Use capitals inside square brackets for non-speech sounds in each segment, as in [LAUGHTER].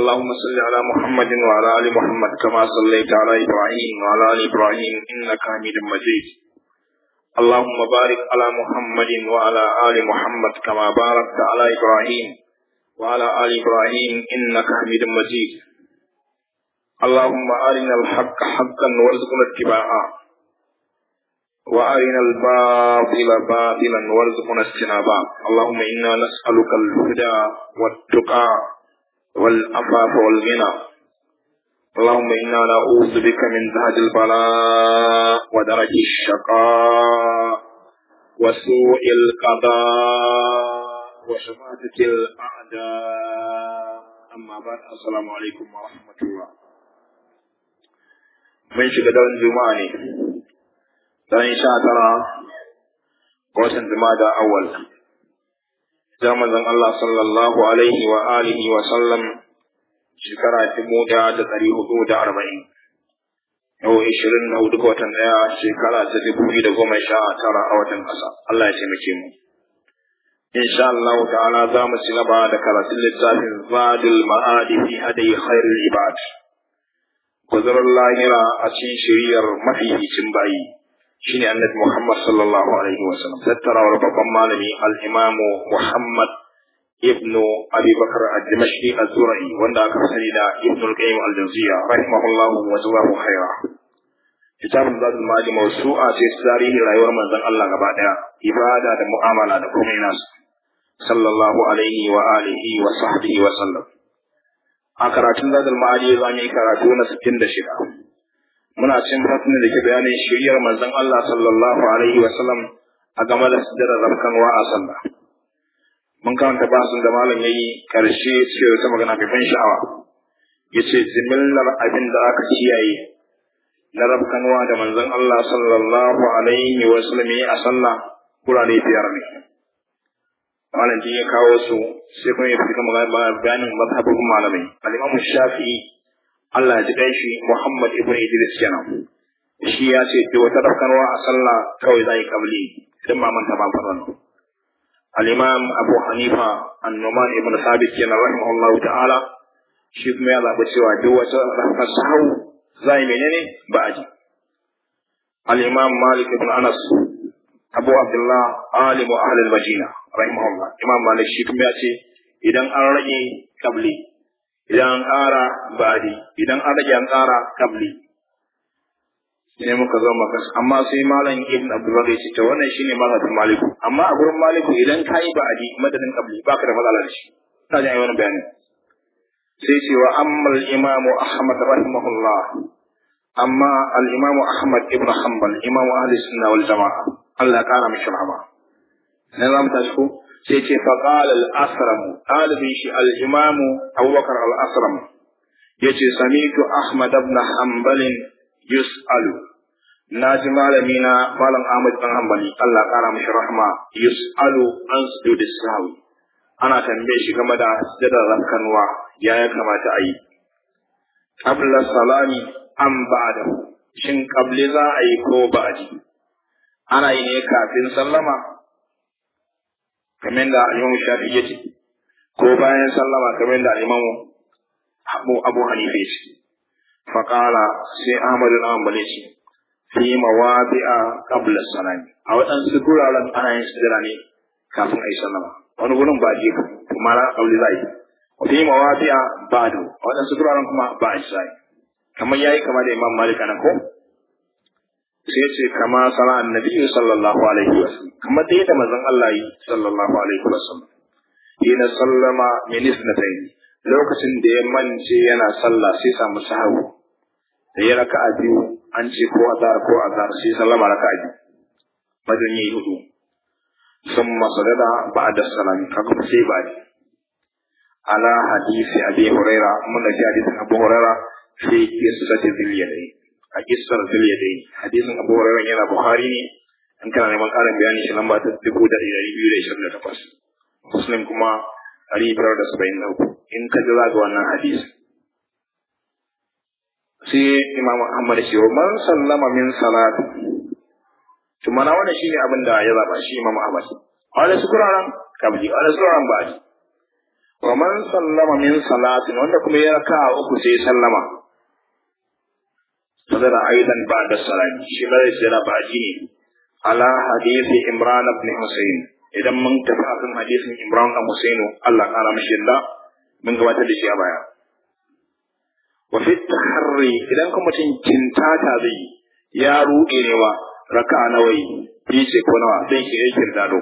اللهم صل على محمد وعلى ال محمد كما صليت على ابراهيم وعلى ال ابراهيم انك حميد مجيد اللهم بارك على محمد وعلى ال محمد كما باركت على ابراهيم وعلى ال ابراهيم انك حميد مجيد اللهم ارنا الحق حقا وارزقنا اتباعه وارنا الباطل باطلا وارزقنا اجتنابه اللهم انا نسالك الهدى والتقى والعفاف والغنى اللهم إنا نعوذ بك من زهد البلاء ودرج الشقاء وسوء القضاء وشماتة الأعداء أما بعد السلام عليكم ورحمة الله من شكدر الجمعة ne شاء ترى tara watan اول ya manzon Allah sallallahu alaihi wa alihi wa sallam shekara dubu ɗaya da ɗari hudu da arba'in yau ishirin na hudu watan ɗaya shekara ta dubu da goma sha tara a watan ƙasa Allah ya taimake mu insha Allah ta'ala za mu ci gaba da karatun littafin zadul ma'adi fi hadai khairul ibad guzurin lahira a cikin shiriyar mafificin bayi shine annabi Muhammad sallallahu alaihi wasallam tattarawar babban malami al-Imam Muhammad ibn Abi Bakr ad-Dimashqi az-Zura'i wanda aka sani da Ibn al-Qayyim al-Jawziyya rahimahullahu wa jazahu khaira kitabun zadul mali mawsu'a ce tarihi rayuwar manzon Allah gaba daya ibada da mu'amala da komai nasu sallallahu alaihi wa alihi wa sahbihi wa sallam a karatun zadul mali zamu yi karatu na 66 muna cin fasin da ke bayanin shiriyar manzon Allah sallallahu alaihi wa sallam a game da sujjadar wa a sallah mun karanta basin da malam ya yi karshe ce wata magana mai ban sha'awa ce, jimillar abin da aka kiyaye na wa da manzon Allah sallallahu alaihi wa sallam a sallah ne biyar ne malam ya kawo su sai kuma ya fi kama bayanin mazhabin malamai al shafi'i Allah ya ji shi Muhammad ibn Idris kenan shi ya ce ki wata dafkarwa a sallah kawai yi kabli idan ma manta ba faran al-imam Abu Hanifa an-Numan ibn Sabit kenan rahimahullahu ta'ala shi kuma ya zaɓi cewa duk wata dafkar sahau zai menene ba a ji al-imam Malik ibn Anas Abu Abdullah alimu ahlul Madina rahimahullah imam Malik shi kuma ya ce idan an rage kabli idan an ƙara ba'adi idan an rage an ƙara kabli ne muka zo maka amma sai malam ibn abdullah ya ce ta wannan shine malam maliku amma a gurin maliku idan kai ba'adi madadin kabli baka da matsala da shi ta ji wannan bayani sai ce wa ammal imamu ahmad rahimahullah amma al imamu ahmad ibn hanbal imamu ahli sunna wal jamaa Allah ya kara mishi rahama ne za mu tashi ko sai ce faqal al ɗalibin shi al-imam Abubakar al-asram yace samitu Ahmad ibn Hanbal yus'alu na ji malami na malam Ahmad ɗan hambali. Allah kara mishi rahma yus'alu an sujudi sahwi ana tambaye shi game da sujada rakkanwa ya ya kamata a yi qabla salami am ba'da shin ƙabli za a yi ko ji ana yi ne kafin sallama kamar da al'imamu shafi ya ciki ko bayan sallama kamar da al'imamu Abu Abu Hanifa ya ciki faƙala sai Ahmad na Hanbal ya ce fi mawadi'a qabla salami a waɗansu guraren ana yin sujjada ne kafin a yi sallama wani gurin ba je kuma ra kauli zai yi. fi mawadi'a bado. a waɗansu guraren kuma ba a yi sa'i. kamar ya yi kamar da Imam Malik anan ko sai ce kama sana annabi sallallahu alaihi wa sallam Kama dai da manzon Allah yi sallallahu alaihi wa sallam ina sallama min isnatayn lokacin da ya mance yana sallah sai samu sahawu da ya raka'a biyu an ce ko azhar ko azhar sai sallama raka'a biyu bayan yayi hudu summa sadada ba'da salami kaga sai ba ni ala hadisi abi huraira mun da hadisi abi huraira sai ke su sace ziliyai a kissar zuliyadai hadisin abu hurairah yana bukhari ne in kana neman ƙarin bayani shi lamba ta dubu da ɗari biyu da ishirin da takwas muslim kuma ɗari biyar da saba'in na uku in ka ji zaga wannan hadisi sai imam Muhammad shi wa man sallama min salatu? to mana wannan shine abin da ya zaba shi imam ahmad wala sukuraran kabji wala sukuraran ba wa man sallama min salatin wanda kuma ya raka uku sai sallama صدر أيضا بعد الصلاة شما يسير بعدين على حديث إمران بن حسين إذا من تفاهم حديث إمران بن حسين الله قال مش الله من قوات الشيء بايا وفي التحري إذا كم تنتاتا ذي يا روئي نوا ركع نوي بيسي كنوا بيك كي يكردادو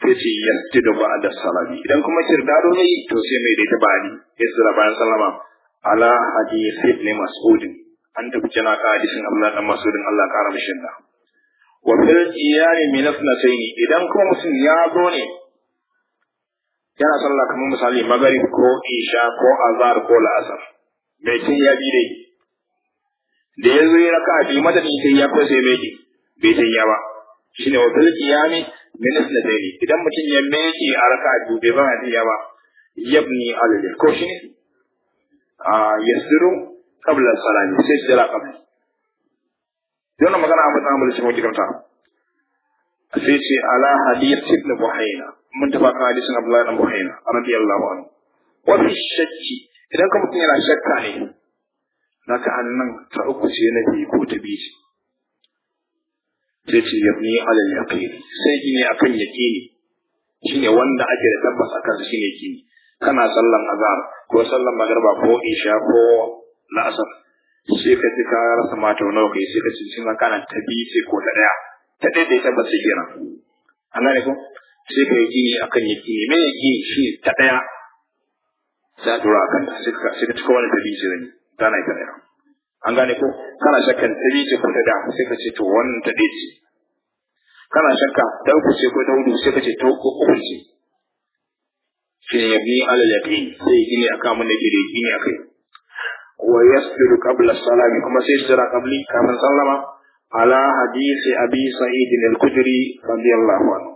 sai ce بعد الصلاة ba'da salami idan kuma kirdado ne to sai mai da tabani ya sura bayan salama ala hadith an tafi jana ka hadisin Allah dan Masudin Allah ƙara mishi da wa fil qiyami min asnatayn idan kuma mutum ya zo ne yana sallah kamar misali magrib ko isha ko azhar ko la'asar Me kin ya bi dai da ya zo ya raka bi ne sai ya ko sai meke bai sai ya ba shine wa fil qiyami min asnatayn idan mutum ya meke a raka biyu bai ba ya ba yabni alal ko shine a ah, yasiru qabla salami sai ki jira qabla yana magana a matsayin mulki mun kiranta sai ce ala hadith ibn buhayna mun tafa kan abdullahi ibn buhayna radiyallahu shakki idan ka mutum yana shakka ne naka annan ta uku ce na biyu ko ta biyu ce sai ce yabni ala yaqini sai gine akan yaqini shine wanda ake da tabbas akan shi ne kana sallan azhar ko sallan magriba ko isha ko la'asar sai ka ji ka rasa mata wani kai sai ka cincin an kana ta biyu sai ko ta ɗaya ta ɗaya da ya tabbata kenan an gane ko sai ka yi gini akan kan yaki ne ya yaki shi ta ɗaya Za a tura a kanta, sai ka cika wani ta biyu sai ta na ita ɗaya an gane ko kana shakkan ta biyu ce ko ta ɗaya sai ka ce to wannan ta ɗaya ce kana shakka ta uku ce ko ta hudu sai ka ce ta uku ce Shin ne ya gini alal ya sai gini akan mun da da ya akai wa yasbiru qabla salami kuma sai jira qabli kafin sallama ala hadisi abi sa'id al-khudri radiyallahu anhu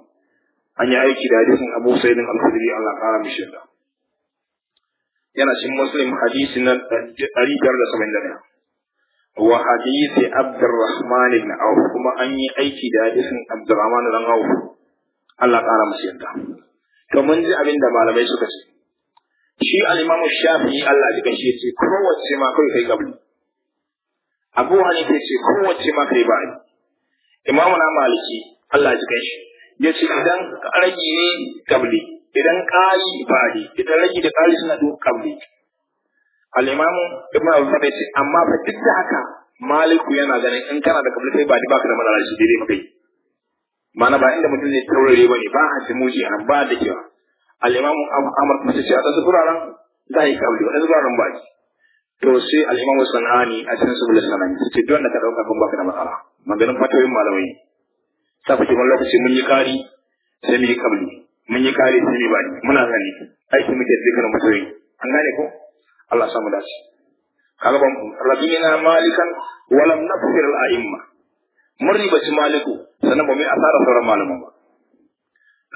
an yi aiki da hadisin abu sa'id al-khudri Allah kara mishi da yana cikin muslim hadisi na da 571 wa hadisi abdurrahman ibn auf kuma an yi aiki da hadisin abdurrahman ibn auf Allah kara mishi da to mun ji abin da malamai suka ce shi alimamu shafi Allah ya gaishe ce kowace ma kai kai gabu abu hanifa ce kowace ma kai ba imam na maliki Allah ya gaishe ya ce idan ragi ne kabli idan ƙari ba ne idan ragi da ƙari suna duk kabli al kuma ibn abu ya ce amma fa duk da haka maliku yana ganin in kana da kabli kai ba ba ka da malalaci daidai kai mana ba inda mutum zai taurare ba ne ba a ci muji ba da kewa alimamu amar Ahmad kuma sai a tasu turaren za a yi kabli wani turaren baki to sai alimamu Sanani a cikin subul sanani sai duk wanda ka dauka kun baka da matsala maganin fatoyin malamai ta fice wani lokaci mun yi kari sai mu yi kabli mun yi kari sai mu yi baki muna gani aiki muke dukkan fatoyin an gane ko Allah samu dace kaga ban rabbina malikan walam nafsir al-a'imma mun ribaci maliku sannan ba mu yi asara sauran malaman ba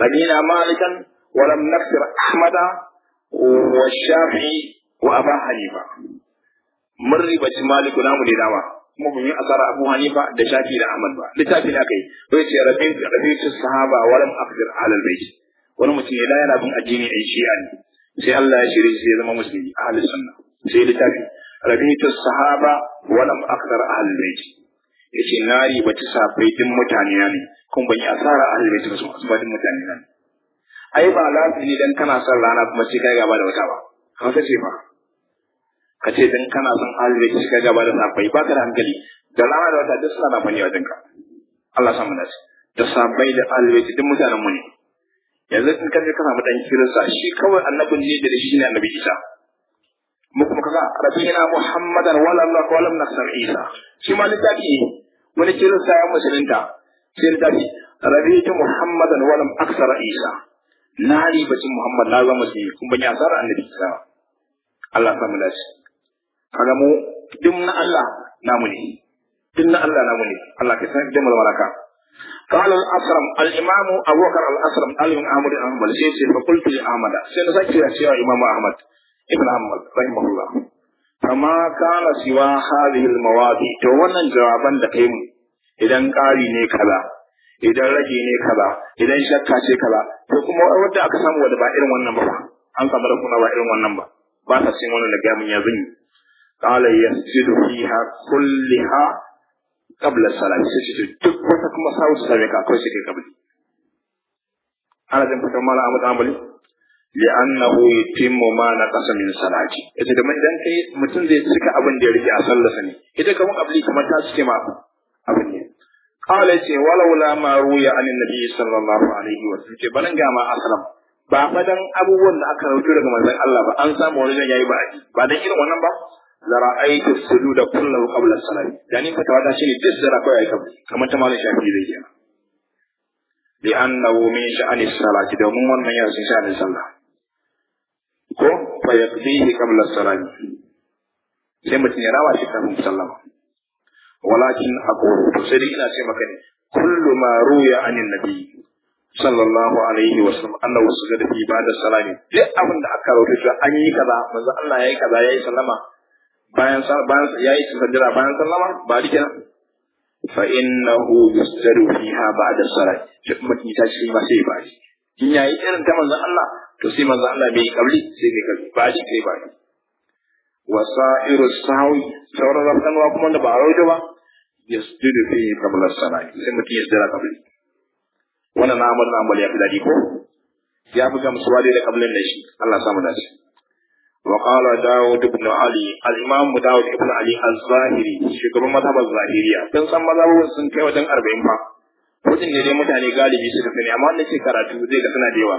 rabina malikan ولم نكسر أحمد والشافعي وأبا حنيفة من ربة مالك نام لدعوة kuma bin asara Abu Hanifa da Shafi da Ahmad ba littafi da kai bai ce rabin rabin wani mutum ya yana bin addini ai shi'a ne sai Allah ya shirye shi ya zama musulmi halin sunna sai littafi rabin sahaba walam aqdir ala albayt yace na ba ci safai din mutane ne kuma ban yi asara ahli albayt ba su ba mutane ne ai ba za ne yi dan kana son rana kuma ce kai gaba da wata ba hausa ce ba ka ce dan kana son arziki ce kai gaba da wata ba ka da hankali da rana da wata duk suna da fani wajenka. ka Allah samu da su da sabai da arziki duk mutanen mu ne yanzu in ka je ka samu dan kirista shi kawai annabin ne da shi ne annabi Isa mu kuma kaga rabbina muhammadan wala allah wala nasar isa shi ma littafi wani kirista ya musulunta sai littafi rabbina muhammadan lam aksara isa na ribacin Muhammad na zama sai kun ban yasar annabi sa Allah samu lashi kaga mu duk na Allah namu ne duk na Allah namu ne Allah ka san da malaka قال الأسرم الإمام أبو بكر الأسرم قال من أحمد بن حنبل شيخ فقلت لأحمد سنسكت يا إمام أحمد ابن أحمد رحمه الله فما كان سوى هذه المواضيع تو wannan jawaban da kai mu idan qari ne kala idan rage ne ka idan shakka ce ka to kuma wanda aka samu wanda ba irin wannan ba an samu da kuma ba irin wannan ba ba ta cin wannan da gamin ya zanyi qala yasjudu fiha kulliha qabla salat sujudu duk wata kuma sawu sare ka akwai shi ke kabli ala dan fitar mala amma dan bali li annahu yutimmu ma naqasa min salati idan da mun dan kai mutun zai cika abin da ya rike a sallarsa ne idan kamar kabli kamar ta cike ma abin ne qala ce walaula ma ruya an annabi sallallahu alaihi wa sallam ce banan ga ma aslam ba fadan abubuwan da aka rawaito daga من Allah ba an samu wani جاي ba ba dan irin wannan ba la ra'aytu sujuda kullahu qabla salati da ni fatawa ta shine duk da kawai kam kamar ta malam shafi zai kenan li annahu min sha'ani as-salati domin wannan ya sun sha'ani sallah ko fa yaqdihi qabla salati sai mutum ya rawa shi kafin sallama walakin aqulu sai dai ina ce maka ne kullu ma ruya anin nabi sallallahu alaihi wa sallam annahu sujada fi ba'da salami duk abinda aka rawaito cewa an yi kaza manzo Allah yayi kaza yayi sallama bayan bayan yayi sujada bayan sallama ba dike nan fa innahu yusjadu fiha ba'da salati duk ta ce ba sai ba in yayi irin ta manzo Allah to sai Allah bai sai ba shi ba wa sa'iru sawi sauran rafkanuwa kuma da ba a rauta ba yasjudu fi qabla as-salati sai mutum ya sujjada qabli wannan na amal na amal ya fi dadi ko ya fi gamsuwa dai da qablin da Allah samu dace wa qala daud ibn ali al-imam daud ibn ali az-zahiri shugaban mazhabar zahiriya kun san mazhabun sun kai wajen 40 ba wajen ne dai mutane galibi suka sani amma wanda ke karatu zai suna da yawa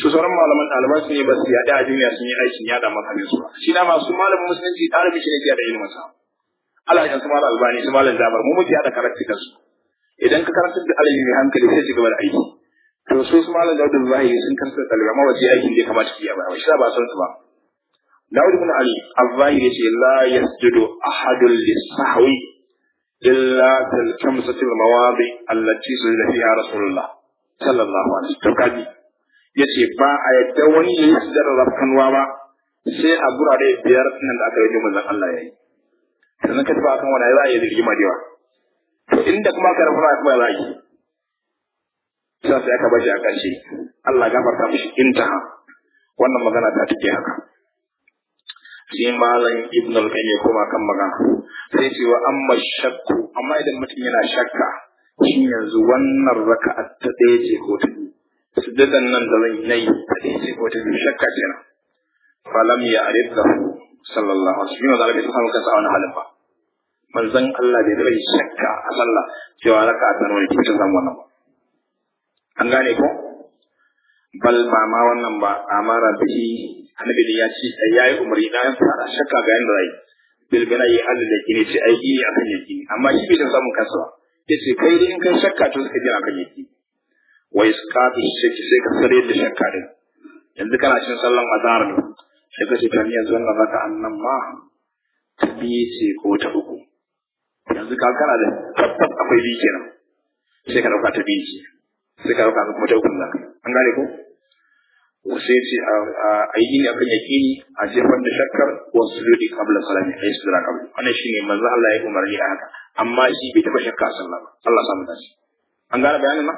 su sauran malaman ɗaliban su ne ba su yaɗa a duniya sun yi aikin yaɗa makamin su ba shi na masu malamin musulunci ɗalibin shi ne ke yaɗa ilimin sa Allah ya su malam albani su malam jabar mu muke yaɗa karaktikan su idan ka karantar da alibi mai hankali sai ci gaba da aiki to su su malam daudin zahiri sun karantar da ɗalibai amma ba su yi aikin da ya kamata su yi ba shi ba san su ba Dawud ibn Ali al-Zahiri yace la yasjudu ahadun lis-sahwi illa kal kamsati al-mawadi allati sujida fiha Rasulullah sallallahu alaihi wasallam to kaji yace ba a yadda wani ya yi sujjada rafkanuwa ba sai a da biyar nan da aka yi manzon Allah ya yi sannan ka tafi akan wani ra'ayi a yi rigima da to inda kuma aka rafa kuma za a yi sa sai aka bashi a ƙarshe Allah gafarta mishi intaha wannan magana ta take haka sai malam ibn al-qayyim ya koma kan magana sai ce wa amma shakku amma idan mutum yana shakka shin yanzu wannan raka'a ta ɗaya ce ko ta biyu Su sujjadan nan da zan na yi hadisi ko ta biyu shakka kenan falam ya arifka sallallahu alaihi wasallam da Allah ya samu kansa a wani halin ba manzon Allah bai bai shakka a sallah cewa raka ta nawa ne ta wannan ba an gane ko bal ba ma wannan ba amara bihi annabi da ya ci sai yayi umarni na fara shakka ga yanda zai bil binayi Allah da kine ce aiki ne akan yaki amma shi bai samu kansa ba yace kai dai in kai shakka to suka jira kan yaki Wai isqatu shakki sai ka sare da shakka din yanzu kana cin sallan azhar ne sai ka ce kan yanzu wannan raka annan ma ta biye ce ko ta uku yanzu ka kana da tabbas akwai biyu kenan sai ka dauka ta biye ce sai ka dauka kuma ta uku za an gane ko sai ce a yi ne akan yaƙini a jefar da shakkar wasu lodi kabla salami a yi su zira kabla wannan shi ne manzo Allah ya yi umarni a haka amma shi bai taɓa shakka a sallah ba Allah samu dace an gane bayanin ma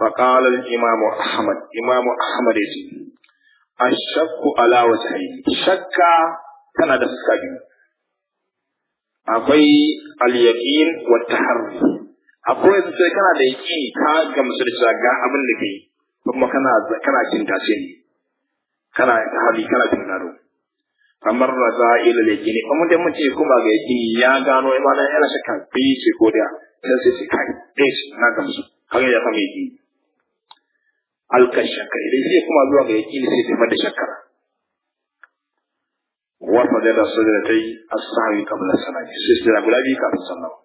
فقال الإمام أحمد إمام أحمد الشك على وجهين شك كان دفكا akwai al-yaqin wa taharri akwai su sai kana da yaqini ka gamsu da cewa ga abin da kai kuma kana kana kinta ce ne kana hali kana kinta do kamar da kuma ga yaqini ya gano imana yana shakka bai ce ko da sai sai kai na gamsu kaga ya kama yaqini alkan shakka idan zai kuma zuwa ga yaƙini sai tafi da shakkara wa fadada sajdatai as-sahwi qabla salati sai sira guda biyu kafin sallama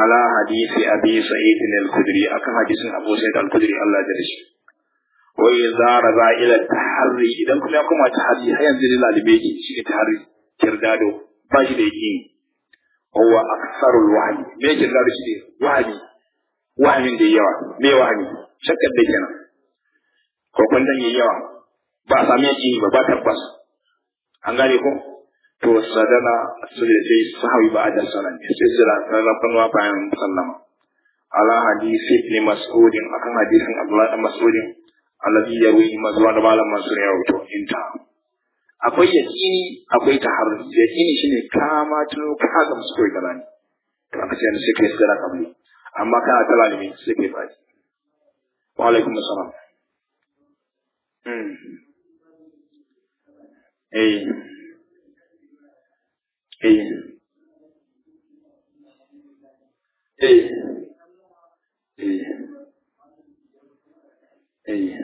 ala hadisi abi sa'id al-khudri akan hadisin abu sa'id al-khudri Allah ya rishi wa idza raza ila tahri idan kuma ya koma tahri har yanzu ne lalibe ki shi ne tahri kirdado ba shi da yaƙini huwa aksarul wahyi me kirdado shi ne wahyi wahamin da yawa bai wahami shakkar da kenan ko kwandon yayi yawa ba a sami yaki ba ba tabbas an gane ko to sadana su da sai sahawi ba da sanan sai su da sarrafanwa bayan sallama ala hadisi ibn mas'udin akan hadisin abdullahi ibn mas'udin alladhi yarwi mazwa da malam mansur ya wuto inta akwai yaqini akwai taharruz yaqini shine kama tuno ka gamsu da galani to aka ce sai kai sirra kabli amma kana ta lalimi sai kai baki wa alaikum assalam hmm. eh eh eh eh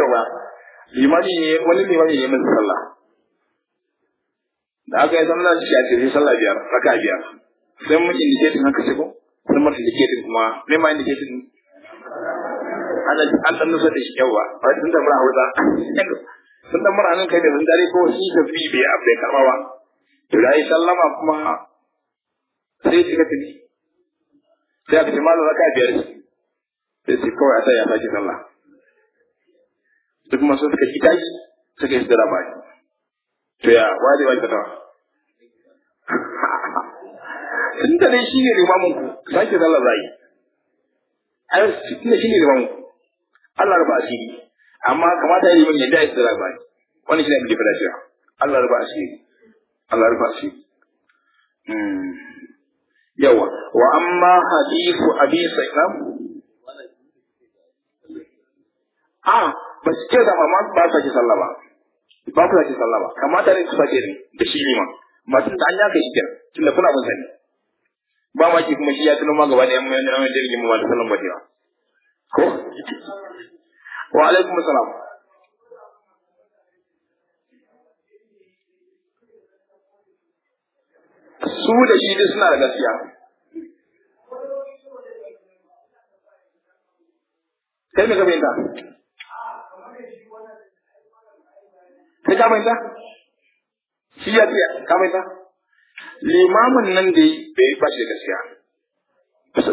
eh limani ne wani limani ne mai sallah da aka yi zama shi a cikin sallah biyar raka biyar sai mun indicating haka ce ko sai mun indicating kuma mai ma indicating ana an dan nusa da shi yawa ba tun da mura hausa sun da mura nan kai da sun dare ko shi da fi bai abu bai karba ba to da yi sallama kuma sai shi ka tuni sai a ce malam raka biyar sai sai kawai a tsaya sake sallah duk masu suka ji tashi suka yi zira baki to ya ware wani katawa [LAUGHS] tun da shi ne limamin ku sake zalla zai ai tun da shi ne limamin ku Allah rufa asiri amma kamata ya yi mun yadda ya zira baki wani shi ne abin da shi Allah rufa asiri Allah rufa asiri hmm. yawa wa amma hadithu abi sa'id a ah! ba su ce zama ma ba su sake sallah ba ba su sake sallah ba kamata ne su sake ne da shi ma masu ta an yaka shi kenan tunda kuna mun sani ba ma ki kuma shi ya tuno ma gaba da yan mayan nan da rigima ba da sallan ba ko wa alaikum assalam su da shi duk suna da gaskiya kai me ka Ka ka manta shi ya tsaya ka manta limamin nan da yi bai ba shi gaskiya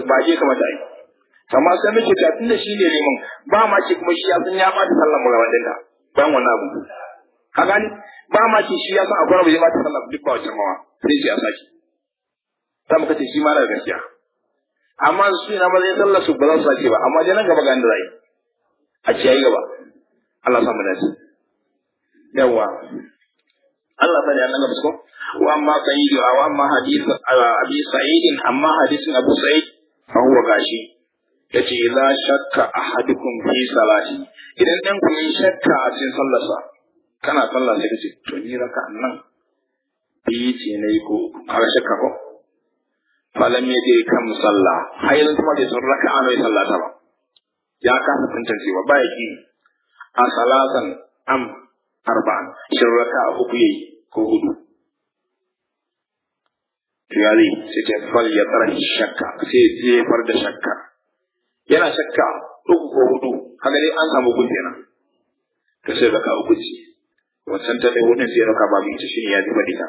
ba je kamata ai amma sai muke ta tunda shi ne liman ba ma ce kuma shi ya san ya ba ta sallan mulawan dinka bayan na abu ka gani ba ma ce shi ya san akwai rabu ya ba ta sallan duk ba wacce mawa sai shi ya saki ta muka ce shi ma na gaskiya amma su ina mazan sallar su ba za su sake ba amma dai nan gaba ga inda za a yi a ciyayi gaba Allah samu dace yawa Allah ta da annabi ko wa amma sayyid wa amma hadith abi sa'id amma hadisin abu sa'id fa huwa gashi yace la shakka ahadukum fi salati idan dan ku yi shakka a cikin sallarsa kana sallah sai kace to ni raka nan yi ce ne ko har shakka ko falam yaje kan sallah. har yanzu kuma bai san raka'a ne sallata ba ya kasa tantancewa ba ya ki a salatan am arba'an shin raka a uku yayi ko hudu yali sai ta fal ya tsara shakka sai jefar da shakka yana shakka uku ko hudu haka dai an samu hudu kenan Ta sai raka uku ce wancan ta dai hudun sai raka babu ita shine ya zuba dita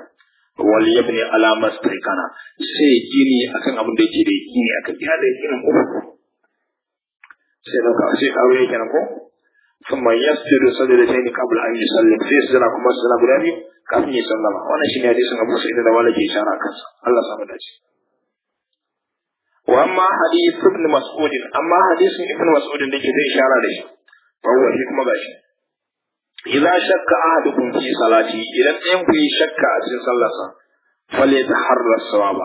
wal yabni ala mastaikana sai gini akan abin da yake da gini akan ya da ginin uku sai raka sai karo yake nan ko ثم يسجد سجدتين قبل ان يسلم في سجدة كما سجدة غلامي كافي يسلم وانا شيني حديث ابو سعيد ولا في اشاره كان الله سبحانه وتعالى واما حديث ابن مسعود اما حديث ابن مسعود الذي في اشاره ليش فهو حكم باش اذا شك أحدكم في صلاته اذا إذا في شك في صلاته فليتحرى الصواب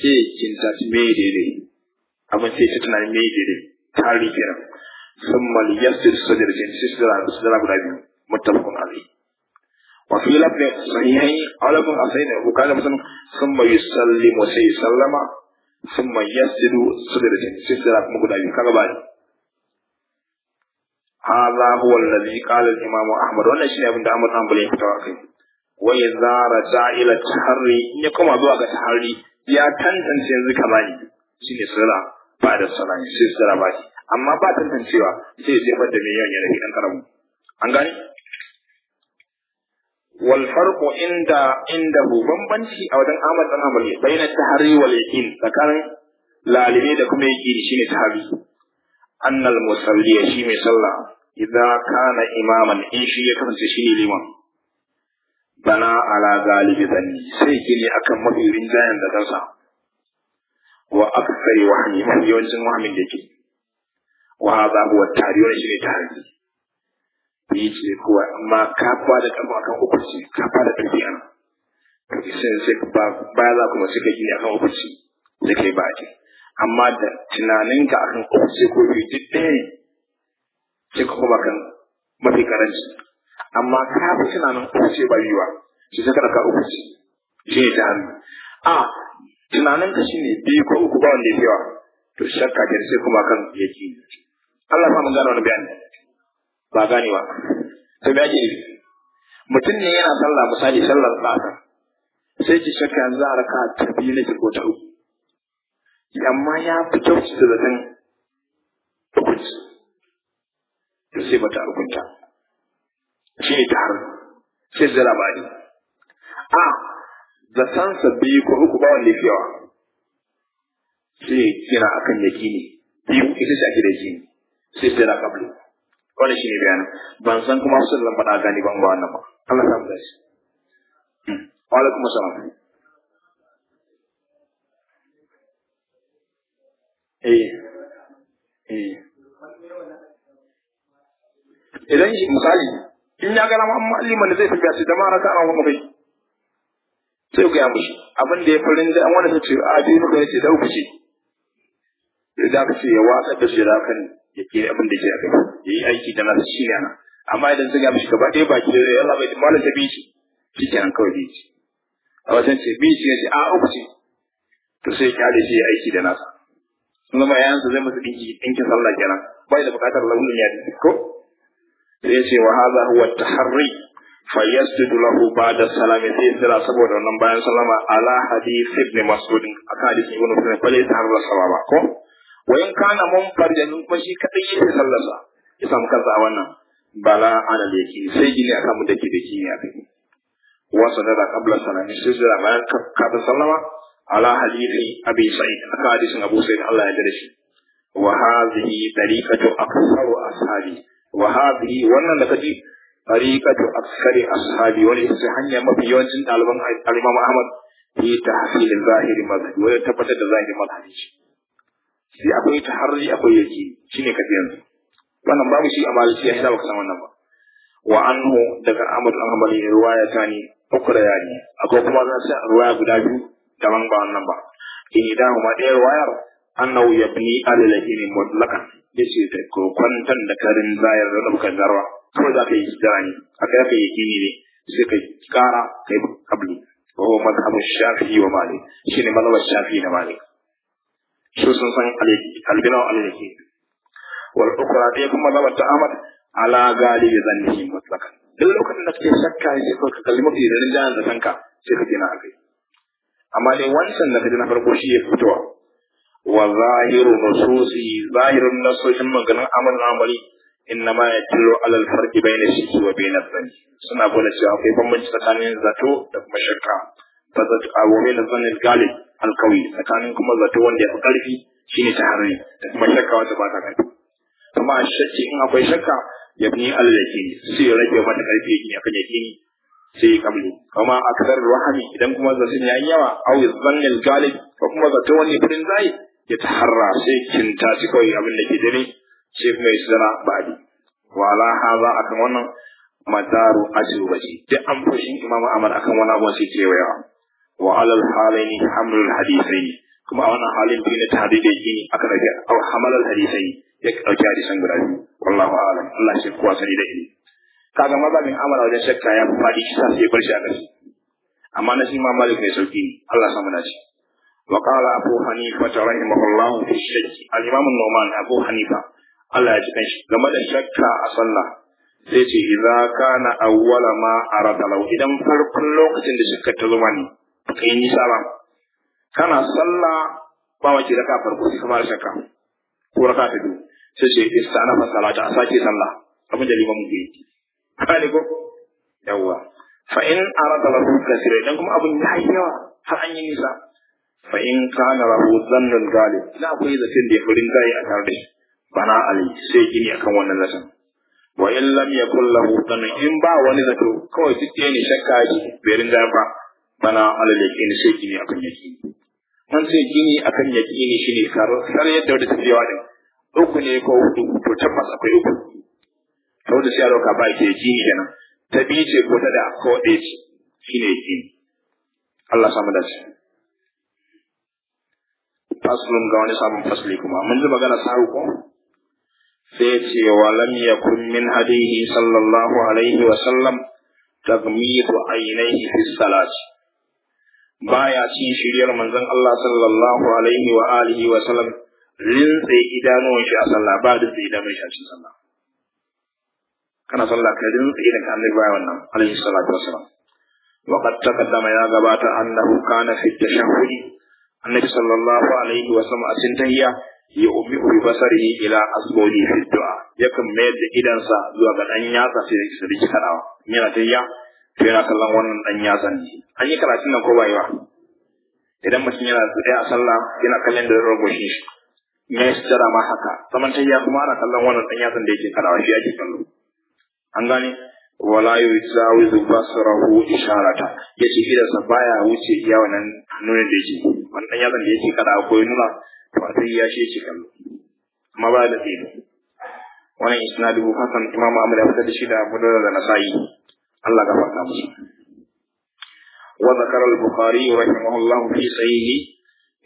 sai kinta mai daidai abin sai ta تاريخ ثم ليسر صدر جنسي صدر guda biyu muttafaqun alayhi wa fi lafzin sahihain alamun asain ko kana musan thumma yusallimu sai sallama thumma yasjudu sadr jinsi sadr kuma guda biyu kaga bani hadha huwa alladhi qala al-imam ahmad wannan shine abin da Ahmad bin Hanbal ya fita kai wa idza raja tahri in ya koma zuwa ga tahri ya tantance yanzu ka kamani shine sura ba da salami sai sura ba shi amma ba tantancewa sai jefar da mai yawan ya dan karamu an gani? wal farqu inda indahu bambanci a wajen Ahmad dan Hanbali na tahari wal yaqin tsakanin Lalimi da kuma yaqini shine tahari annal musalli shi mai sallah idza kana imaman in shi ya kasance shi ne liman bana ala galibi zanni sai gini akan mafi rinjayen da kansa wa aksari wahmi mafi yawancin wahmin da yake wa ba huwa tari shi ne tari yi ce kuwa amma ka da kafa akan ofisi ka fada tafiya ka fi sai sai ba ba za kuma sai ka a akan ofisi sai kai ba ce amma da tunaninka akan ofisi ko yi duk ɗaya sai ka kuma kan mafi karanci amma ka fi tunanin ofisi ba yi shi sai ka ɗauka ofishi shi ne hannu a tunaninka shi ne biyu ko uku ba wanda ya yawa to shakka ke sai kuma kan yaki Allah ya mun gane wani bayani ba gane ba to me yake nufi mutum ne yana sallah misali sallar asar sai ki shakka yanzu a raka ta biyu ne ko ta uku amma ya fi kyau su da zan hukunci to sai mata hukunta shi ne ta harin sai zira ba ni a da sansa biyu ko uku ba wanda yawa sai kira akan yaki ne biyu ita ce ake da yaki ne sai sai na kabli wannan shine bayanin ban san kuma su zan faɗa gani ban ba wannan ba Allah ta mu dace hmm. wa alaikum assalam eh eh idan shi misali in ya ga ma malliman da zai tafiya su da ma raka an wani sai ku ya mushi abin da ya farin da an wani sace a dai muka ce da uku ce da ka ce ya watsa da shi ka kan ya ke abin da ke a kai ya yi aiki da nasa shi ne amma idan sun gami shi gaba ɗaya baki da ya labai da malam ta bi shi shi kenan kawai bi shi a wajen ce bi shi ya ce a uku ce to sai ya kyale shi ya aiki da nasa sun zama yayansa zai masa ɗinki ɗinkin sallah kenan Ba da buƙatar launin ya ko sai ya ce wa haza huwa taharri fayyasjudu lahu ba'da salami sai sira saboda wannan bayan salama ala hadith ibn mas'ud akan hadith ibn mas'ud fa laysa harra salama ko wa in kana munfaridan kuma shi kadai yake sallarsa ya samu kansa a wannan bala ala da yake sai gini a da dake da kini a kai wa sadara qabla salami sai da bayan kafin sallama ala hadithi abi sa'id aka hadisin abu sa'id Allah ya gare shi wa hadhihi tariqatu aktharu ashabi wa hadhihi wannan da kaji tariqatu aksari ashabi wani sai hanya mafi yawancin ɗaliban al-Imam Ahmad fi tahsilin zahiri mazhabi wani tabbatar da zahiri mazhabi sai akwai taharri akwai yake shine yanzu wannan babu shi a maliki ya ba san wannan ba wa anhu daga Ahmad an hamali riwaya tani ukra yani akwai kuma za san riwaya guda biyu daban ba wannan ba in idan ma ɗaya riwayar annahu yabni ala lahin mutlaqan dace ta ko kwantan da karin zayar da bukan zarwa ko za ka yi zani akai ka yake kini ne sai ka kara kai kabli wa mazhabu shafi wa malik shine mazhabu shafi na malik su sun san albina wa alayhi wal ukra dai kuma zaba wata amad ala galibi zannihi mutlaka duk lokacin da kake shakka ko ka kalli mafi da rinjayen da sanka sai ka gina akai amma dai wancan da kaji na farko shi ya fitowa wa zahiru nususi zahirun nasoshin maganin amal amali ma ya tilo alal farki bai na shi wa bai na zani suna gwada cewa akwai bambanci tsakanin zato da kuma shakka fa zato a wani na zanin galib alkawi tsakanin kuma zato wanda ya fi ƙarfi ta taharri da kuma shakka wata ba ta ƙarfi amma shakki in akwai shakka ya fi allake sai ya rage mata ƙarfi ya kan ni sai ya kamlu amma kasar rahami idan kuma zato ya yi yawa au zannil galib ko kuma zato wanda firin zai ya ta harra sai kinta shi kawai abin da ke dare sai kuma ya sana ba'adi wa za akan wannan madaru ce. duk an fushin imamu amal akan wani abu sai kewayawa wa alal halaini hamlul hadisai kuma a wannan halin biyu na tare da yini aka rage au hamalal hadisai ya dauki hadisan guda biyu wallahu alam Allah shi kuwa sani da ilimi kaga mazabin amala wajen shakka ya fi faɗi shi sa sai bar shi a gaske. amma na shi ma malik mai sauki ne Allah samu dace wa qala abu hanifa rahimahullahu fi shakki al-imam an-numan abu hanifa Allah ya ji shi. game da shakka a sallah sai ce idza kana awwala ma arada law idan farkon lokacin da shakka ta zuma ne ka yi nisa ba kana salla ba wace raka farko sai kamar shakka ko raka ta biyu sai ce istana fa salata a sake sallah abin da liman ke yi kale ko yawa fa in arada ruka kasira idan kuma abin ya yi yawa har an yi nisa fa in kana lahu zannul galib ina akwai zaton da ya furin gayi a tare da shi bana ali sai gini akan wannan zaton wa in lam yakul lahu dhanun in ba wani zato kawai duk ne shakka ji bai da ba Mana alal yaqin sai kini akan yaqini an sai kini akan yaqini shine karar sar yadda wanda take yawa ne uku ne ko hudu to tabbas akwai uku to da siyaro ka ba ke kini kenan ta bi ce ko ta da ko ɗaya ce ne yaqini Allah samu shi faslun ga wani sabon fasli kuma mun ji magana sahu ko sai ce wa lam yakun min hadihi sallallahu alaihi wa sallam tagmidu ainihi fi salati baya cin shiryar manzon Allah sallallahu alaihi wa alihi wa sallam rintse idanuwan shi a sallah ba rintse idanuwan shi a sallah kana sallah ka rintse idan ka annabi baya wannan alaihi salatu wassalam wa qad taqaddama ya gabata annahu kana fi tashahhud annabi sallallahu alaihi wa sallam a cikin tahiyya ya ummi bi basarihi ila asbawli fi du'a yakan mayar da idansa zuwa ga dan yatsa sai ya rike kadawa mira tahiyya to na kallon wannan dan yatsan ne an yi karatun nan ko ba ba idan mutum yana tsaye a sallah yana kallon da rago shi ya jira ma haka saman ya kuma ana kallon wannan dan yatsan da yake karawa shi ake kallo an gane wala yuzawizu basrahu isharata yace idansa baya wuce iya wannan nuna da yake wannan dan yatsan da yake karawa ko ya nuna ba sai ya shi yake kallo amma ba da tsaye wannan isnadu hasan imamu amr ya da shi da abu da nasa'i Allah gafarta musu wa zakara al-bukhari rahimahullahu fi sahihi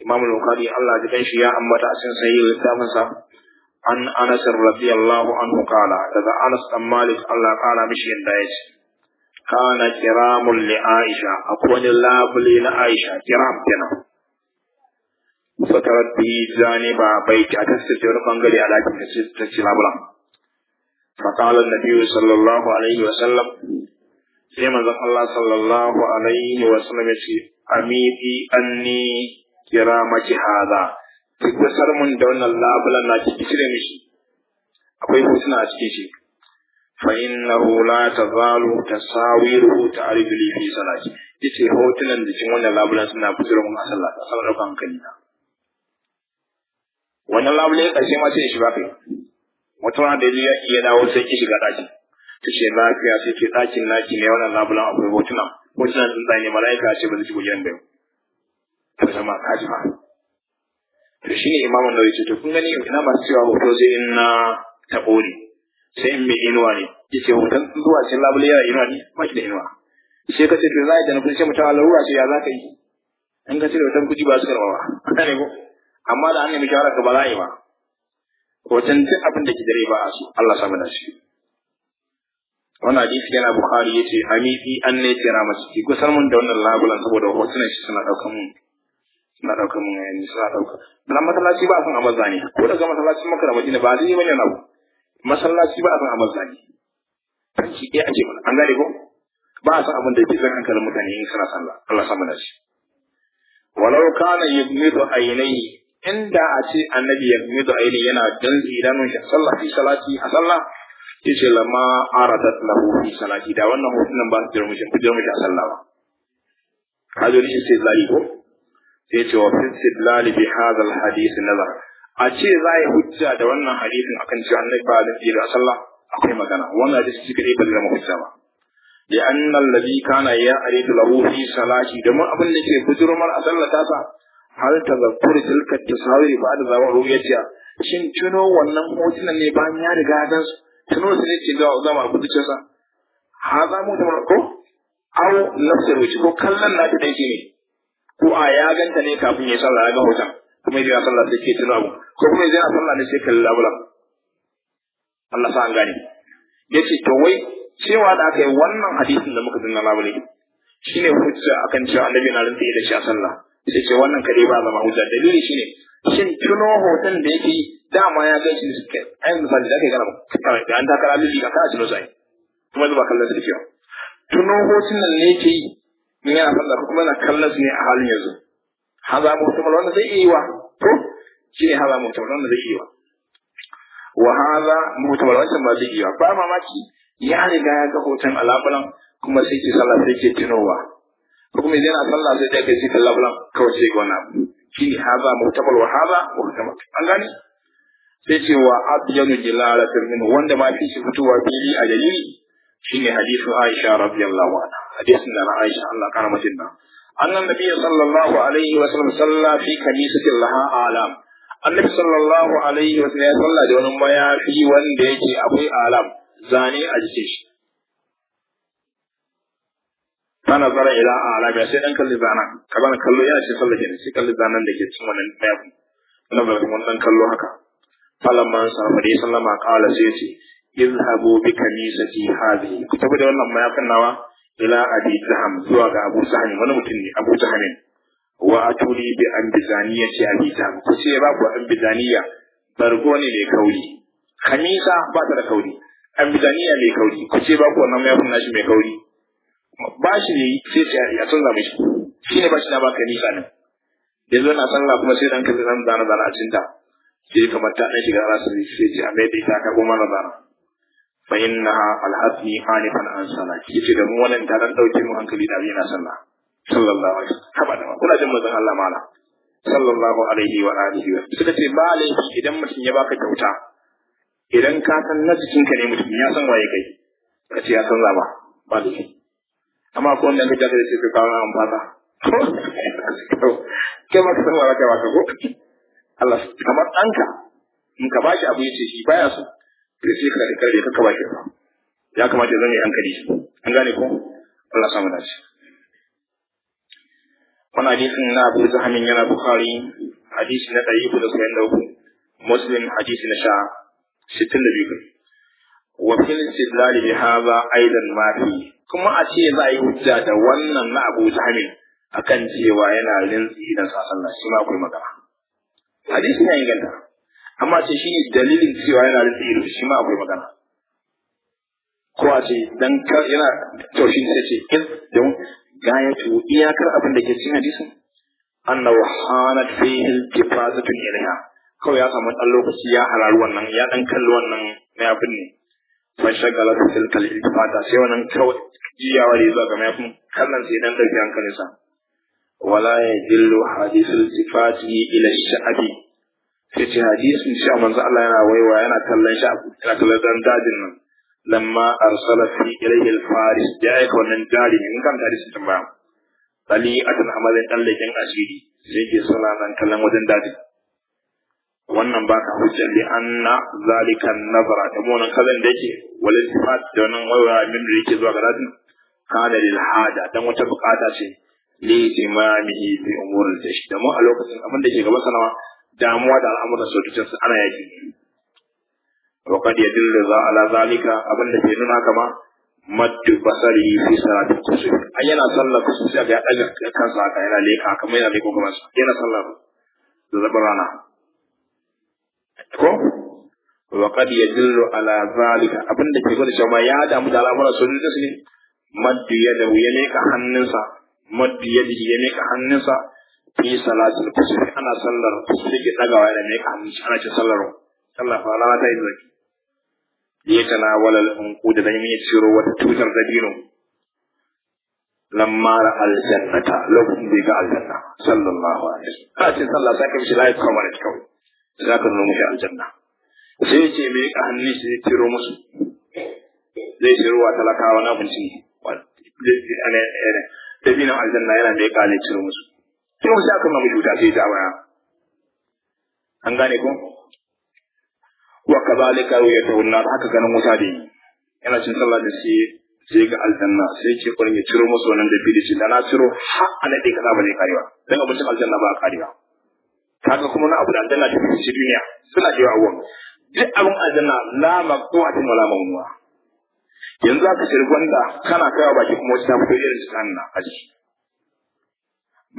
imam al-bukhari Allah ya kanshi ya ambata a cikin sahihi littafin sa an anas radiyallahu anhu qala daga anas malik Allah kara mishi yadda yace kana kiramul li aisha akwai wani labule na aisha kiram kenan fatarar bi zane ba bai ta wani bangare a ta ci nabi sallallahu alaihi wa sallam sai manzon Allah sallallahu alaihi wa sallam ya ce amiti anni kiramaki hada ki kusar mun da wannan labulan na ki kire mishi akwai hotuna a cikin shi fa innahu la tazalu tasawiru ta'rifu li fi salati yace hotunan da cikin wannan labulan suna fitar mun a sallah ta saboda kan kanina wannan labule ya karshe ma sai shi ba kai mutum da ya dawo sai ki shiga daki ta ce lafiya sai ke ɗakin naki ne wannan labulan akwai hotuna hotuna sun tsaye ne mala'ika ce ba zai shigo gidan da yau ta zama kajima to shi ne imamun da ce to kun gani ina masu cewa hoto zai in na taɓo sai in mai inuwa ne ya ce hoton zuwa cikin labule yana inuwa ne ba shi da inuwa sai ka ce to za a yi da nufin sai mutum a larura ce ya za ka yi in ka ce da hoton kuji ba su karɓa ba haka ne ko amma da an nemi shawara ka ba za a yi ba hoton duk abin da ki dare ba a su Allah samu shi. wannan hadisi yana bukhari yace amiti an ne tira masu ki kusan mun da wannan labulan saboda hotunan shi suna daukan mun suna daukan mun yayin eh, suna dauka dan masallaci ba san amazza ne ko daga masallacin makka madina ba zai bane nawo masallaci ba san amazza ne kan shi ke ake mana an gane ko ba san abin da yake zan hankalin mutane in suna sallah Allah sama da shi walau kana yubnidu aynayhi inda a ce annabi yubnidu aynayhi yana dan idanun shi sallah fi salati a sallah yace lamma aradat lahu fi salati da wannan hotunan ba su jirmushi ku jirmushi a sallah ba hajjar shi sai zali ko sai ce wa fi sidlali bi hadha al hadith nazar a ce za a yi hujja da wannan hadisin akan cewa annabi ba zai jira sallah akwai magana wannan hadisi shi kadai ba zai zama hujja ba لأن الذي كان يعرف له في صلاته دم أبن لكي بجر مر أسلة تاسا هل تذكر تلك التصاوير بعد ذا رؤيتها shin tuno wannan hotunan ne bayan ya riga gansu tuno sai ce ga zama ku dace sa ha za mu da ko aw nafsiru ci ko kallon na da shi ne ko a ya ganta ne kafin ya sallah ya ga hoton kuma ya sallah sai ke tuno abu ko kuma idan sallah ne sai kallon labulan Allah sa an gane yace to wai cewa da aka yi wannan hadisin da muka dinna labule shine hujja akan cewa annabi na rantsa da shi a sallah sai ce wannan kare ba zama hujja dalili shine shin tuno hoton da yake dama ya gaishe su kai ai misali da kai gana ba kawai da an takara miji ga ka tuno zai kuma zuba kallon su dake tuno hotun nan ne yake yi in yana sallah kuma yana kallon su ne a halin yanzu haza kuma wanda zai iya yi wa to shi ne haza mutumar wanda zai iya wa wa haza mutumar wancan ba zai iya wa ba mamaki ya riga ya ga hoton alabalan kuma sai ke sallah sai ke tunowa ko kuma idan yana sallah sai da kai sai kallabalan kawai sai gona shi ne haza mutumar wa haza mutumar an gani sai ce wa abyanu jilalatin min wanda ma fi shi fitowa fili a dalili shine hadisin Aisha radiyallahu anha hadisin da Aisha Allah kana mata nan annan nabiyyi sallallahu alaihi wa sallam salla fi kamisatin laha alam annabi sallallahu alaihi wa sallam ya salla da wani mayafi wanda yake akwai alam zane a jikin shi kana zara ila alam ya sai dan kalli zana ka bana kallo yana ce sallah ne sai kalli zanan da ke cikin wannan mayafi wannan wannan kallo haka falamman sarfa da sallama kawala sai ce izhabu bi ji hazi ku tafi da wannan mayakan nawa ila abi Zaham zuwa ga abu sahani wani mutum ne abu jahamin wa turi bi zaniya ce abi Zaham? ku ce ba ku zaniya bargo ne mai kauri kamisa ba ta da kauri zaniya mai kauri ku ce ba ku wannan mayakan nashi mai kauri ba shi ne sai ce a canza mishi shi ne ba shi na ba kamisa ne yanzu na sallah kuma sai dan kaza zan zana zana a cinta sai kamar ta ɗan shiga rasu sai ce a dai ta karɓo mana zara fa innaha alhasni anifan an sala kici da mu wannan ta dan dauke mu hankali da yana sallah sallallahu alaihi wasallam haba da kula da manzon Allah mala sallallahu alaihi wa alihi wa suka ce ba laifi idan mutum ya baka kyauta idan ka san na cikin ka ne mutum ya san waye kai ka ce ya san zaba ba laifi amma ko wannan da ka ce ka kawo an fata kai ma ka san wa ka ko Allah kamar ɗanka in ka bashi abu ya ce shi baya so ka ce ka kare ka ka ba, ya kamata zan yi mai hankali an gane ko Allah samu dace wannan hadisin na Abu Zahamin yana Bukhari hadisi na ɗari da sayan da uku Muslim hadisi na sha sittin da biyu wa fil istidlal bi hadha aidan ma fi kuma a ce za a yi hujja da wannan na Abu Zahamin akan cewa yana rinzi idan sa sallah shi ma akwai magana hadisi na inganta amma ce shi ne dalilin cewa yana da tsiri shi ma akwai magana ko a ce dan kar yana taushin sai ce in don gayatu iyakar abin da ke cikin hadisin annahu hanat fihi al-kifazatu ilayha ko ya samu dan lokaci ya halaru wannan ya dan kalli wannan abin ne fa shagala tilkal iltifata sai wannan kawai jiyawa da zuwa ga mai kallon sai dan dauki hankalinsa wala ya حديث hadisul الى ila في حديث ce hadisin الله manzo Allah yana waiwa yana kallon sha yana kallon dan dajin nan lamma arsala fi ilayhi al-faris da aika wannan dari ne mun kan hadisin tun baya bali atan amalin dan leken asiri sai ke nan kallon wajen wannan ba ka hujja li anna zalika nazara da mu nan kallon da yake wal sifat da nan waiwa min da yake zuwa ga kana lil hada dan wata bukata ce li timamihi fi umuril tashhi da mu a lokacin abin da ke gaba sanawa damuwa da al'amuran sojojin su ana yaki wa qad yadullu ala zalika abin da ke nuna kama maddu basari fi salati kusuf yana sallar kusuf sai ga daga kansa yana leka kamar yana leko kamar yana sallar da zabarana ko wa qad yadullu ala zalika abinda ke gwada cewa ya damu da al'amuran sojojin su ne maddu ya da ya leka hannunsa maddi yadihi ya mika hannunsa fi salatul kusuf ana sallar kusuf ya dagawa da ka hannunsa ana ce sallar sallar fa la ta yi zaki ya kana walal unqud da mai ciro wata tutar da dino. lamma ra aljannata lokacin da ga aljanna sallallahu alaihi wasallam ka ce sallah sai kai shi lafiya kamar ta kawai za ka nuna mushi aljanna sai ce me ka hannun shi zai ciro musu zai ciro wa talakawa na mutum dabinan aljanna yana mai kale ciro musu sai mu aka mamu shuta sai ta baya an gane ko wa kadhalika yatahu an-nar haka ganin wuta da yana cin sallah da shi sai ga aljanna sai ce kullum ya ciro musu wannan da shi da na ciro har ana dai kaza ba ne karewa dan abincin aljanna ba karewa kaga kuma na abu da aljanna ta fi duniya suna da yawa duk abin aljanna la maqtu'atin wala mamnu'a yanzu aka shiri gwanda kana kawo baki kuma wasu tafi fito irin su kan na aji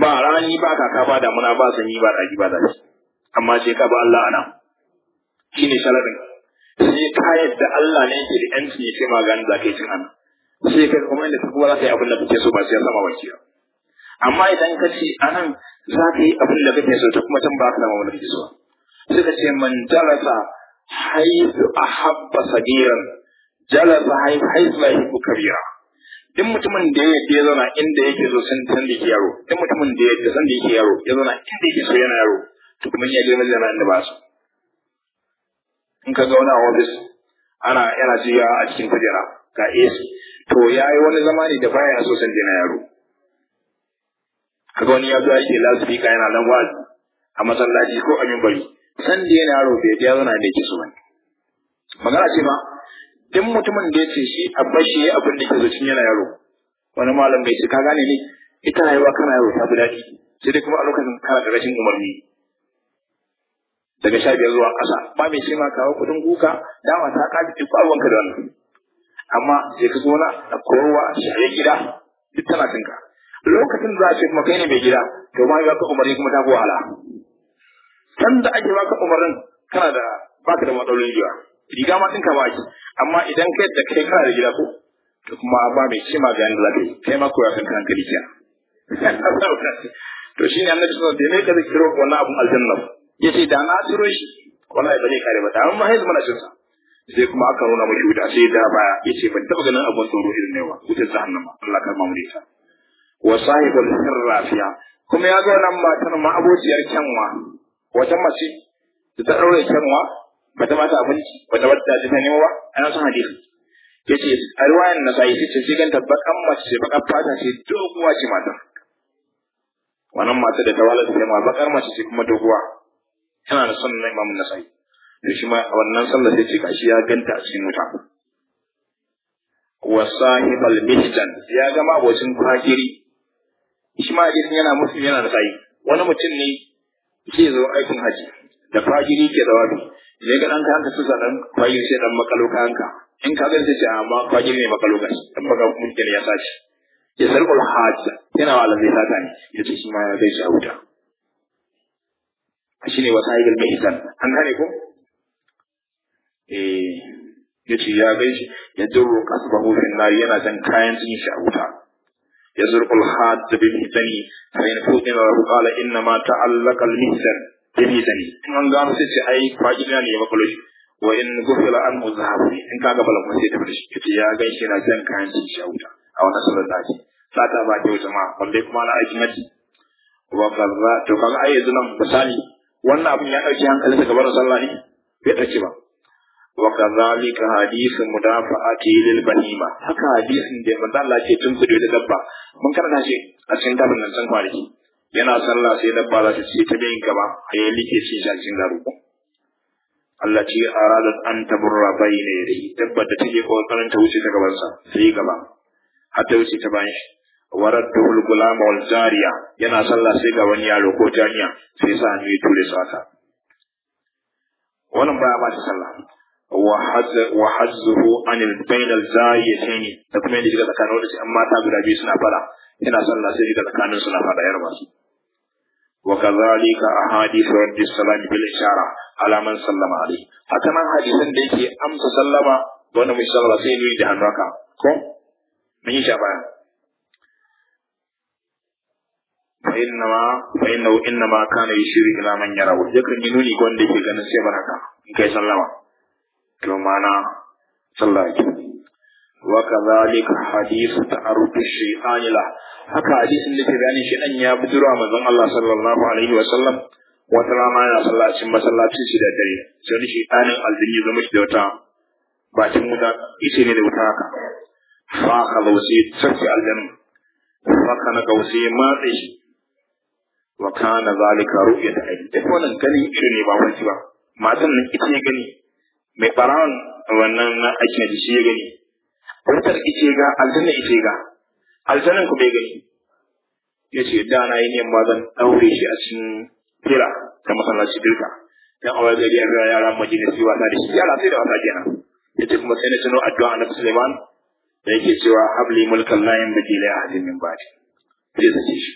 ba rani ba kaka ba damuna ba sanyi ba ɗaki ba zafi amma sai ka ba Allah ana shi ne sharadin sai ka yadda Allah ne yake da yanci ne sai maganin za ka yi cin ana sai ka kuma inda kuma za ka yi abin da kake so ba sai ya sama wa ba amma idan ka ce anan za ka yi abin da kake so ta kuma can ba ka sama wani kake so sai ka ce man darasa a habba sagiran jala sahib haisla yuhibbu kabira duk mutumin da ya yadda ya zauna inda yake so sun san da yake yaro duk mutumin da ya yadda san da yake yaro ya zauna inda yake so yana yaro to kuma ya ga mazana da ba su in ka zauna a office ana yana jiya a cikin kujera ga AC to ya yi wani zama ne da baya so san da yaro kaga wani ya zo yake lasifika yana nan wazi a masallaci ko a mimbari san da yana yaro bai ya zauna inda yake so ba magana ce ma. duk mutumin da ya ce shi a bashi ya abin da ke zuci yana yaro wani malam bai ce ka gane ne ita rayuwa kana yaro ta daɗi sai dai kuma a lokacin kana da rashin umarni daga sha biyar zuwa ƙasa ba mai shi ma kawo kuɗin kuka dama ta ƙaji duk ka da wannan amma sai ka a da a shaye gida duk tana cinka lokacin za a ce kuma kai ne mai gida to ma ya ka umarni kuma ta wahala san da ake baka umarnin kana da baka da matsalolin jiwa riga ma sun ba ake amma idan kai da kai kana da gida ko to kuma ba mai cima ga yanda za yi kai ma koya ya kan hankali kiya [LAUGHS] to shi ne annabi sallallahu alaihi wasallam da ne ka kiro wannan abun aljanna yace da na turo shi wallahi bane kare ba da amma haizu mana cinsa sai kuma aka nuna mashi wuta sai da baya yace ban taba ganin abun tsoro irin ne ba wutar jahannama Allah ma mu dita wa sahibul sirrafiya kuma ya ga wannan matar ma abociyar kyanwa wata mace da ta daure kyanwa bata ba ta abinci bata ba ta jin nemo ba ana son hadisi yace a riwayan nasai yace sai ganta tabbakan mace baka fata ce doguwa ce mata wannan mata da tawala ta ma bakar mace ce kuma doguwa tana da son nan imamu nasai to shi ma wannan sallar sai ce kashi ya ganta a cikin wuta wa sahibal mihjan ya ga mabocin kwakiri shi ma yana musu yana da sai wani mutum ne ke zo aikin haji da fajiri ke da wani ne ga ɗan kanka su sanan fajiri sai ɗan makalo ka hanka in ka gani ce amma fajiri ne makalo ka shi ɗan baka mulkin ya sace ya sarƙul hajja yana wa alazai sata ne ya ce shi ma ya zai shi a wuta shi ne wasa yi mai hisan an gane ko eh ya ce ya gai shi ya dubo kasu ba hufin nari yana jan kayan sun shi a wuta ya zurƙul hajja bin hisani fa in fuɗin rahu inna ma ta'allaka al-mihsan ya bi ta ne in an gano sai ce ai fa'ina ne ya maka lokaci wa in gufila an mu zahabu in kaga ga balakun sai ta fi shi kace ya gan shi na jan kayan shi ya wuta a wannan sallar da ake ta ba kyauta ma wanda kuma na aiki mati wa kaza to kaga ai yanzu nan misali wannan abin ya dauki hankali daga barin sallah ne bai dauki ba wa kadhalika hadithu mudafa'ati lil bahima haka hadisin da manzo Allah ce tun kudu da dabba mun karanta shi a cikin tabin nan san kwanaki yana sallah sai dabba za ta ce ta bin gaba a yi like shi jakin garuku Allah ce a ranar an taburra bai ne da dabba da take kokarin ta wuce ta gabansa sai gaba har ta wuce ta bayan shi warar duhul gulama wal zariya yana sallah sai ga wani yaro ko jami'a sai sa hannu ya ture su haka wannan baya ba ta sallah wa hazzuhu anil bainal ne. da kuma yadda shiga tsakanin wanda an mata guda biyu suna fara yana sallah sai shiga tsakanin suna fara 'yar su وكذلك أحاديث رد السلام بالإشارة على من سلم عليه هكذا حديثا ديكي أمس سلم وانا مشتغل سينوي دهن ركا كم من يشابه فإنما فإنه إنما كان يشير إلى من يرى يكن ينوني قوان ديكي كان سيبا ركا إن كي سلم كما أنا صلى الله عليه وسلم وكذلك حديث تعرض الشيطان له haka hadisin da ke gani shi ya bujiro a manzon Allah sallallahu alaihi wata rana yana sallacin masallacin shi da dare sai wani shaytanin aljin ya zama shi da wata bakin wuta ice ne da wuta haka fa ka zausi sarki aljanna fa ka na gausi matsi shi wa kana zalika ru'yat ayn duk wannan gani ido ne ba wani ba matan nan ita ya gani mai barawon wannan na aikin da shi ya gani wutar ice ga aljanna ice ga aljannan ku bai gani ya ce da na yi neman ba zan ɗaure shi a cikin fira ta masallaci duka dan awai gari ya ga yaran majalisi wasa da shi yara sai da wasa kenan ya ce kuma sai na tuno addu'a na Suleiman da yake cewa habli mulkan layin yanbaghi li a min ba'di sai sace shi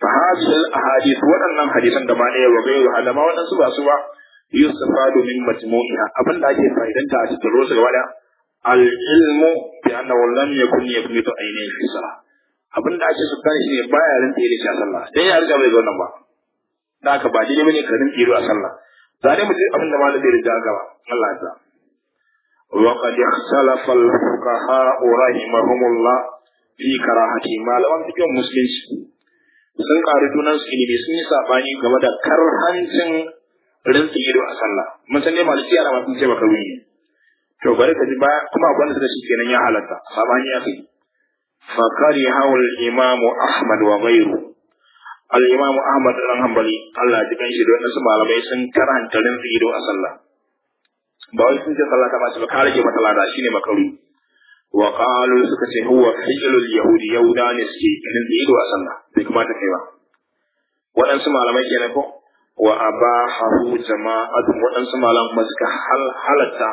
fa hadhihi ahadith wadannan hadisan da ba ne wa gairu alama wadansu ba su ba yusufadu min majmu'iha abin da ake fa'idanta a cikin rusul wala Al'ilmu da العلم kun لم يكن yi ne shi الصلاة abin da ake sukar shi ne baya rinta da shi a sallah sai ya riga bai wannan ba da haka ba daidai bane ka rinta a sallah za ne mutum abin da ma da bai riga gaba Allah ta wa qad ikhtalafa al-fuqaha rahimahumullah fi karahati malaman cikin musulunci sun ƙari tunan su ilimi sun yi sabani game da karhancin rinta ido a sallah mun san dai maliki yana ma ce baka wuyi to bari ka ji ba kuma akwai wanda suka shi kenan ya halatta saban ya fi fa kariha al imamu ahmad wa ghayru al imamu ahmad dan hanbali Allah ji kan shi da wasu malamai sun karanta rinzi do a sallah ba wai sun ce sallah ta ba ka rage shine makaru wa qalu suka ce huwa fi'lul yahudi yahuda ne suke rinzi do a sallah bai kuma ta kai ba waɗansu malamai kenan ko wa abahahu jama'atun waɗansu malamai suka halatta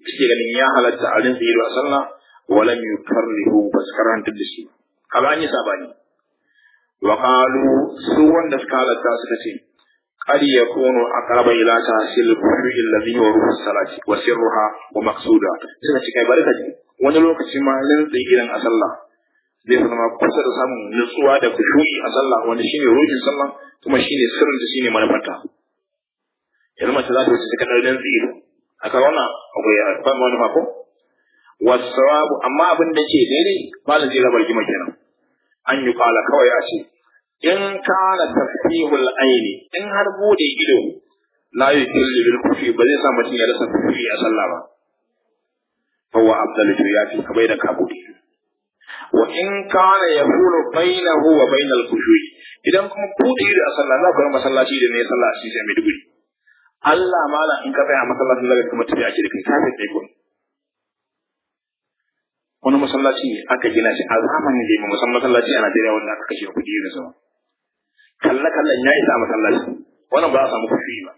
suke ganin ya halatta a rinsa ido a sallah walam yukarrihu ba su karantar da shi kaga an yi sabani wa qalu su wanda suka halatta suka ce qad yakunu aqraba ila tahsil buhu'i alladhi wa ruhu salati wa sirruha wa maqsuda suka ce kai bari ka ji wani lokaci ma rinsa idan a sallah zai ma kusa da samun nutsuwa da kushu'i a sallah wanda shine ruhin sallah kuma shine sirrin da shine manufarta yanzu mace za ta wuce ta kadar rinsa ido aka wannan akwai akwai wani mako wasawabu amma abin da ke daidai malam zai rabar gima kenan an yi kwala. kawai a ce in kana tafsihul aini in har bude ido la yukillu bil kufi ba zai sa mutum ya rasa kufi a sallah ba fa wa abdalu ya fi kabai da kabudi wa in kana yakunu bainahu wa bainal khushu'i idan kuma bude ido a sallah za ku masallaci da ne sallah shi sai mai duburi Allah mala in ka tsaya masallacin zaka kuma tafi a kai ka tafi ko wani masallaci aka gina shi a zamanin da mu san masallaci a Najeriya wanda aka kashe kuɗi da sama kalla kallan ya isa masallaci wani ba a samu kuɗi ba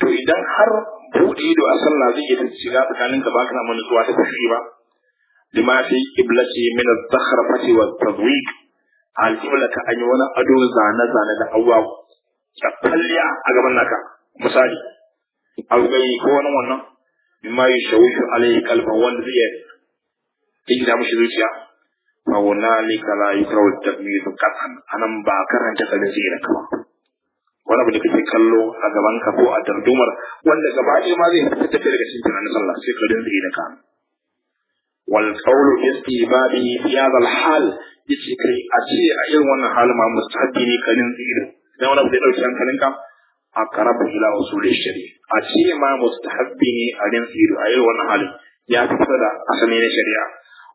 to idan har buɗe ido a sallah zai iya shiga tsakanin ka ba ka samu nutsuwa ta kuɗi ba lima fi qiblati min zahar zakhrafati wa tadwiq al-qibla ka an yi wani ado zane zane da awwa kalliya a gaban naka misali أبي كون منا مما يشوش عليه كلمة وندية إن لم يشوش فهنالك لا يكره التمييز قطعا أنا مباكر أن تكون زينة كما وانا بني كتب كلو أغبان كفو أدر دومر وانا قبعي ما ذي تتفرق سنتنا نصلا سيكرا دين دين كام والقول يستيبابي في هذا الحال يتكري أشياء أيضا حال ما مستحديني كنين دين دين وانا بني كتب كنين كام aqrabu ila usul shari'a a ce ma mustahabbi ne a rinsi a yi wannan halin ya fi da asali na shari'a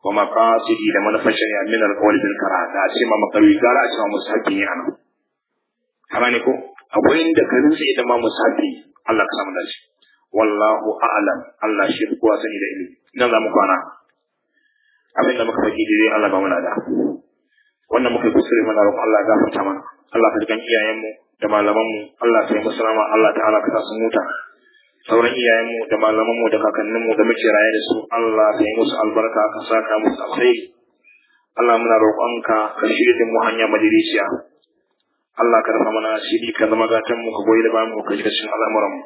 wa maqasidi da manufar shari'a min alqawl bil kara da ce ma makawi gara a ce ma mustahabbi ne anan kama ne ko akwai inda ka rinsi da ma mustahabbi Allah ka samu dace wallahu a'lam Allah shi kuwa sani da ilimi nan za mu kwana muka Allah da wannan muka Allah Allah iyayenmu da malamanmu Allah yi musu rama Allah ta'ala ka su huta sauran iyayenmu da malamanmu da kakanninmu da muke raye da su Allah yi musu albarka ka saka musu alkhairi Allah muna roƙonka ka shirya din mu hanya majalisiya Allah ka rufa mana shiri ka zama mu ka goyi da bamu ka shiga cikin al'amuranmu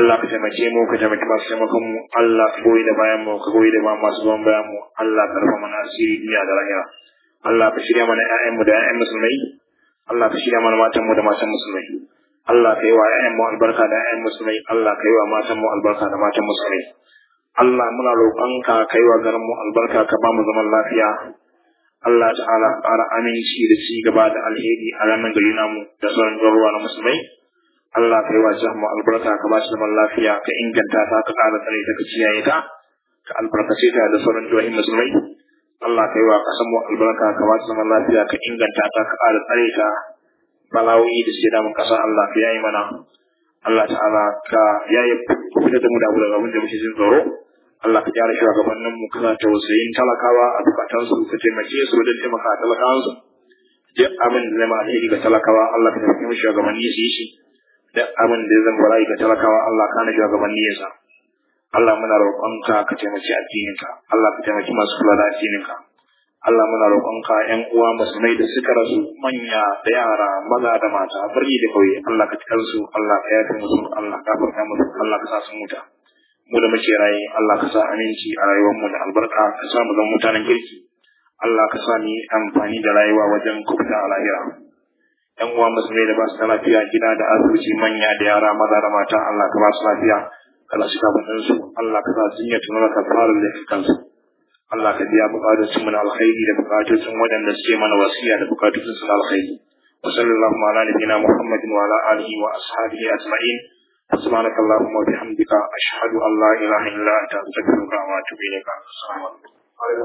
Allah ka taimake mu ka taimake masu taimakon mu Allah ka goyi da bayan mu ka goyi da bayan masu zuwan bayan mu Allah ka rufa mana shiri duniya da lahira Allah ka shirya mana 'ya'yanmu da 'ya'yan musulmai Allah ka shirya mana matanmu da matan musulmai Allah ka yi wa ‘ya’yan mu albarka da 'ya'yan musulmai Allah ka yi wa matan mu albarka da matan musulmai Allah muna roƙonka ka yi wa garin mu albarka ka ba mu zaman lafiya Allah ta'ala ƙara aminci da ci gaba da alheri a ranar gari namu da sauran ruwa na musulmai Allah ka yi wa jihar mu albarka ka ba shi zaman lafiya ka inganta ta ka ƙara tsare ta ka ciyaye ta ka albarkace ta da sauran jihohin musulmai Allah yi wa kasan mu albarka ka ba zaman lafiya ka inganta ta ka ƙara tsare ta balawoyi da sai damun ƙasa Allah ka yayi mana Allah ta'ala ka yayi fitar da mu da abin da abin da muke jin tsoro Allah ka gyara shugabannin mu kana tausayin talakawa a bukatansu ka taimake su da taimaka talakawansu duk abin da zama alheri ga talakawa Allah ka taimake mu shugabanni su yi shi duk abin da zama bala'i ga talakawa Allah kana shugabanni ya sa Allah muna roƙonka ka taimaki addininka Allah ka taimaki masu kula da addininka Allah muna roƙonka ƴan uwa musulmai da suka rasu manya da yara maza da mata birni da kauye Allah ka tsare su Allah ka yafe musu Allah ka farka musu Allah ka sa su muta mu da muke raye Allah ka sa aminci a rayuwar mu da albarka ka sa mu zama mutanen kirki Allah ka sa ni amfani da rayuwa wajen kubuta a lahira ƴan uwa musulmai da ba su lafiya gida da asibiti manya da yara maza da mata Allah ka ba su lafiya Allah shi faɗin su Allah ka sa sun yi tunar ka fara da Allah ka biya bukatun su mana alkhairi da bukatun waɗanda suke mana wasiya da bukatun su na alkhairi wa sallallahu ala nabiyyina muhammadin wa ala alihi wa ashabihi ajma'in subhanaka allahumma wa bihamdika ashhadu an la ilaha illa anta astaghfiruka wa atubu ilayka assalamu alaikum